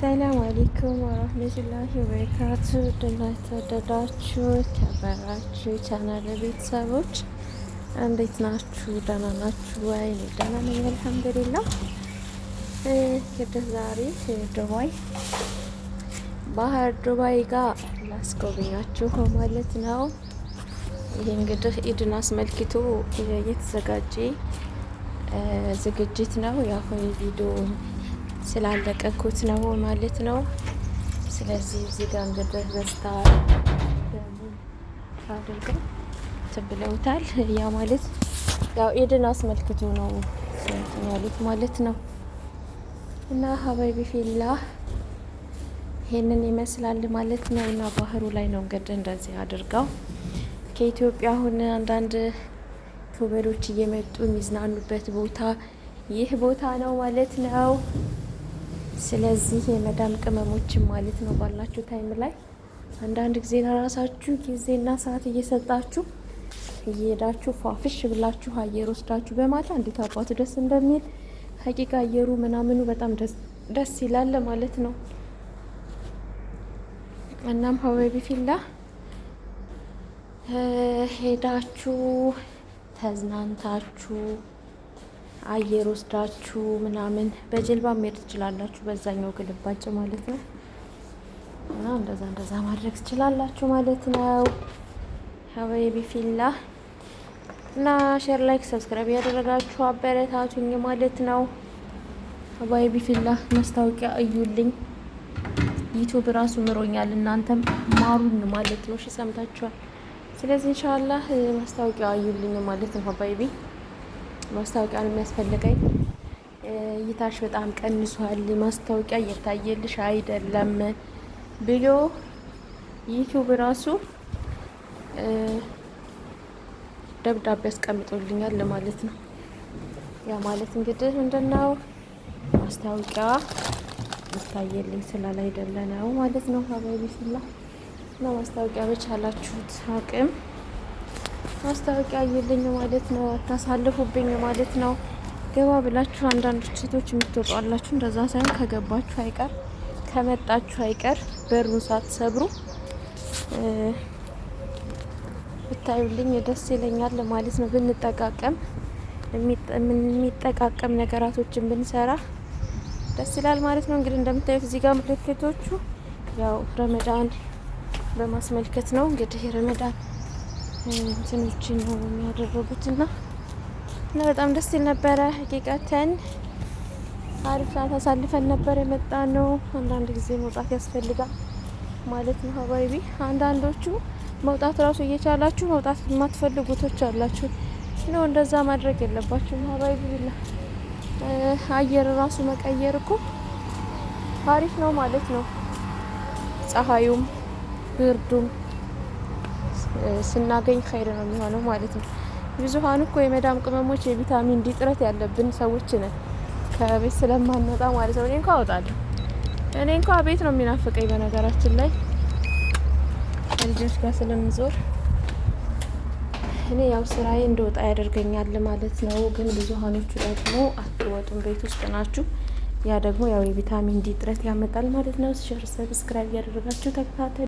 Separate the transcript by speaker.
Speaker 1: ሰላም አሌይኩም ወራህመቱላሂ ወበረካቱ ድና የተወደዳችሁ ተበራችሁ ቻናል ቤተሰቦች እንዴት ናችሁ? ደህና ናችሁ ወይ? እኔ ደህና ነኝ አልሐምዱሊላህ። እንግዲህ ዛሬ ዱባይ ባህር ዱባይ ጋር ላስጎብኛችሁ ማለት ነው። ይህ እንግዲህ ኢድን አስመልክቶ የተዘጋጀ ዝግጅት ነው። የአሁን ቪዲዮ ስላለቀኩት ነው ማለት ነው። ስለዚህ እዚህ ጋር እንግዲህ በስታ አድርገው ትብለውታል። ያ ማለት ያው ኤድን አስመልክቶ ነው እንትን ያሉት ማለት ነው። እና ሀባይ ቢፊላ ይሄንን ይመስላል ማለት ነው። እና ባህሩ ላይ ነው እንግዲህ እንደዚህ አድርገው ከኢትዮጵያ አሁን አንዳንድ ቱበሮች እየመጡ የሚዝናኑበት ቦታ ይህ ቦታ ነው ማለት ነው። ስለዚህ የመዳም ቅመሞችን ማለት ነው ባላችሁ ታይም ላይ አንዳንድ ጊዜ ለራሳችሁ ጊዜና ሰዓት እየሰጣችሁ እየሄዳችሁ ፏፍሽ ብላችሁ አየር ወስዳችሁ በማታ እንዴት አባቱ ደስ እንደሚል ሀቂቃ አየሩ ምናምኑ በጣም ደስ ይላል ማለት ነው። እናም ሀበቢ ፊላ ሄዳችሁ ተዝናንታችሁ አየር ወስዳችሁ ምናምን በጀልባ መሄድ ትችላላችሁ። በዛኛው ግልባጭ ማለት ነው እና እንደዛ እንደዛ ማድረግ ትችላላችሁ ማለት ነው። ሀበይ ቢፊላ እና ሼር ላይክ ሰብስክራይብ ያደረጋችሁ አበረታቱኝ ማለት ነው። ሀበይ ቢፊላ ማስታወቂያ እዩልኝ። ዩቱብ ራሱ ምሮኛል፣ እናንተም ማሩኝ ማለት ነው። እሺ ሰምታችኋል። ስለዚህ ኢንሻአላህ ማስታወቂያ እዩልኝ ማለት ነው ሀባይቢ ማስታወቂያ ነው የሚያስፈልገኝ። እይታሽ በጣም ቀንሷል፣ ማስታወቂያ እየታየልሽ አይደለም ብሎ ዩቲዩብ ራሱ ደብዳቤ አስቀምጦልኛል ለማለት ነው። ያ ማለት እንግዲህ ምንድነው ማስታወቂያ ይታየልኝ ስላል አይደለ ነው ማለት ነው። ሀባቢ ስላ እና ማስታወቂያ በቻላችሁት አቅም ማስታወቂያ አየልኝ ማለት ነው። አታሳልፉብኝ ማለት ነው። ገባ ብላችሁ አንዳንድ ሴቶች የምትወጧላችሁ እንደዛ ሳይሆን ከገባችሁ አይቀር ከመጣችሁ አይቀር በሩን ሳትሰብሩ ብታዩልኝ ደስ ይለኛል ማለት ነው። ብንጠቃቀም የሚጠቃቀም ነገራቶችን ብንሰራ ደስ ይላል ማለት ነው። እንግዲህ እንደምታዩት እዚህ ጋር ምልክቶቹ ያው ረመዳን በማስመልከት ነው እንግዲህ ረመዳን እንትኖች ነው የሚያደረጉት እና እና በጣም ደስ ይል ነበረ። ሀቂቃተን አሪፍ ሰዓት አሳልፈን ነበር የመጣ ነው። አንዳንድ ጊዜ መውጣት ያስፈልጋል ማለት ነው። ሀባይቢ አንዳንዶቹ መውጣት እራሱ እየቻላችሁ መውጣት የማትፈልጉቶች አላችሁ ነው። እንደዛ ማድረግ የለባችሁም ሀባይቢ ቢላ አየር ራሱ መቀየር እኮ አሪፍ ነው ማለት ነው። ፀሐዩም ብርዱም ስናገኝ ኸይር ነው የሚሆነው ማለት ነው። ብዙሀኑ እኮ የመዳም ቅመሞች የቪታሚን ዲ እጥረት ያለብን ሰዎች ነን፣ ከቤት ስለማንወጣ ማለት ነው። እኔ እንኳ አወጣለሁ። እኔ እንኳ ቤት ነው የሚናፍቀኝ በነገራችን ላይ ከልጆች ጋር ስለምዞር እኔ ያው ስራዬ እንደወጣ ያደርገኛል ማለት ነው። ግን ብዙሀኖቹ ደግሞ አትወጡም፣ ቤት ውስጥ ናችሁ። ያ ደግሞ ያው የቪታሚን ዲ እጥረት ያመጣል ማለት ነው። ሸር ሰብስክራይብ እያደረጋችሁ ተከታተል።